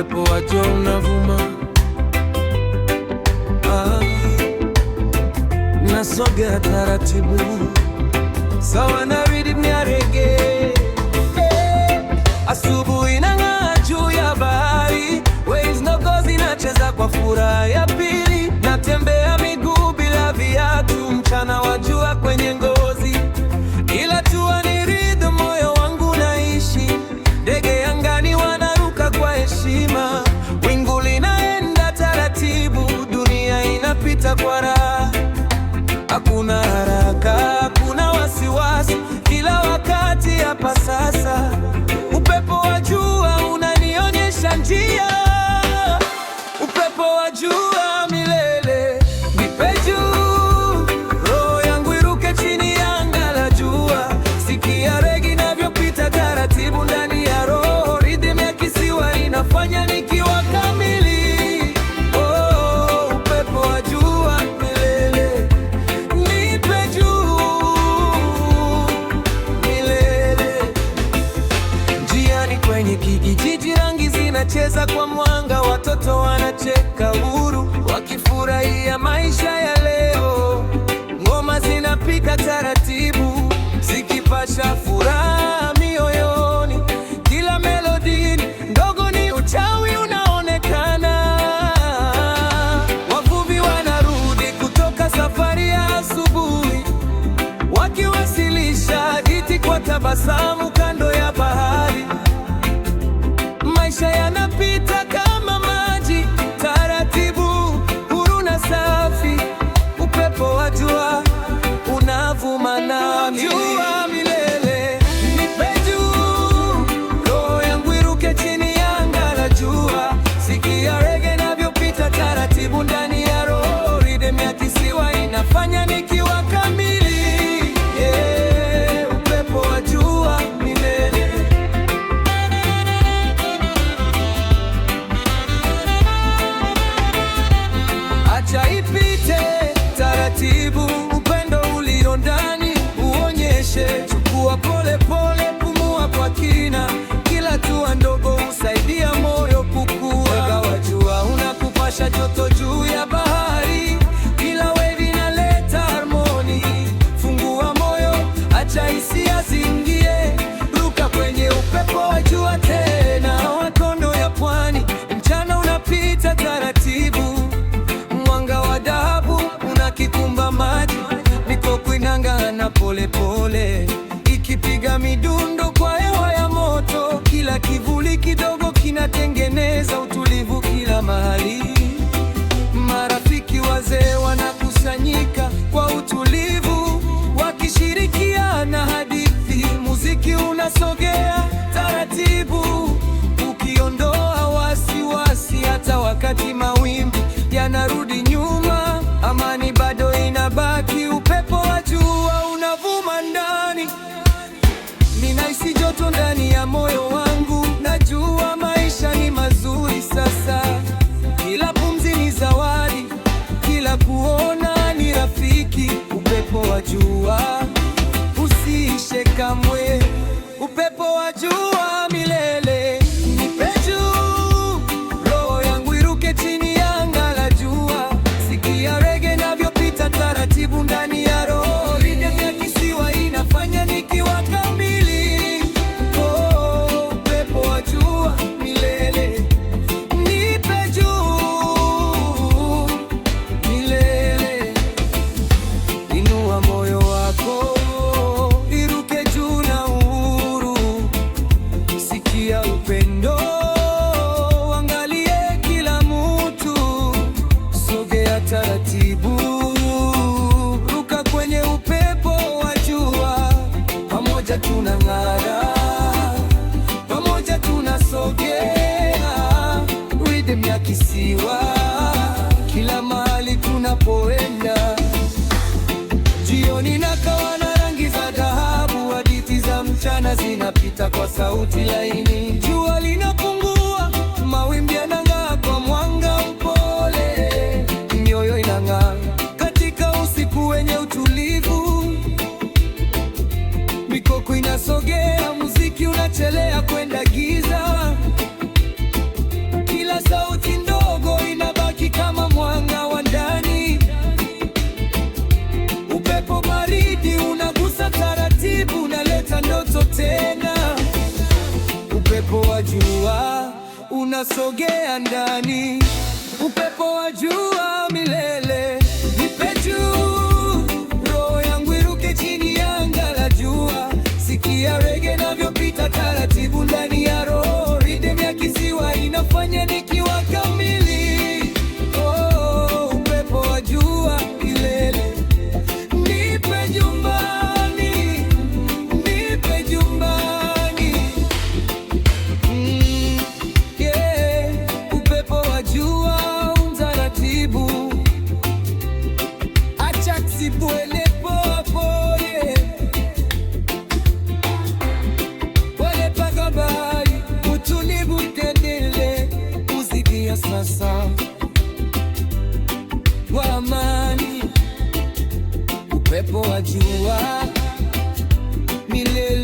upepo wacho unavuma ah, nasogea taratibu sawa na ridi mnyarege hey, asubu kupita kwa raha kwenye kijiji rangi zinacheza kwa mwanga, watoto wanacheka huru wakifurahia maisha ya leo. Ngoma zinapika taratibu zikipasha furaha mioyoni, kila melodini ndogo ni uchawi unaonekana. Wavuvi wanarudi kutoka safari ya asubuhi, wakiwasilisha hadithi kwa tabasamu. jua milele, nipe juu, roho yangu iruke chini ya anga la jua. Sikia rege navyopita taratibu ndani ya roho, riddim ya kisiwa inafanya nikiwa kamili. Yeah, upepo wa jua milele. Acha ipite taratibu Usiharakishe, chukua pole pole, pumua kwa kina. Kila tua ndogo husaidia moyo kukua. Mwanga wa jua unakupasha joto inatengeneza utulivu kila mahali. Marafiki wazee wanakusanyika kwa utulivu, wakishirikiana hadithi. Muziki unasogea taratibu, ukiondoa wasiwasi. Hata wakati mawimbi yanarudi nyuma, amani bado inabaki. Upepo wa jua unavuma ndani, ninahisi joto ndani ya moyo sasa, kila pumzi ni zawadi, kila kuona ni rafiki. Upepo wa jua usiishe kamwe, upepo wa jua taratibu, ruka kwenye upepo wa jua, pamoja tunang'ara, pamoja tunasogea, rhythm ya kisiwa, kila mahali tunapoenda. Jioni nakawa na rangi za dhahabu, hadithi za mchana zinapita kwa sauti laini. la giza, kila sauti ndogo inabaki kama mwanga wa ndani. Upepo baridi unagusa taratibu, unaleta ndoto tena. Upepo wa jua unasogea ndani, upepo wa jua milele. Nipe jua Usipole popoye pole paka mbali, utulivu sasa wa amani, upepo wa jua milele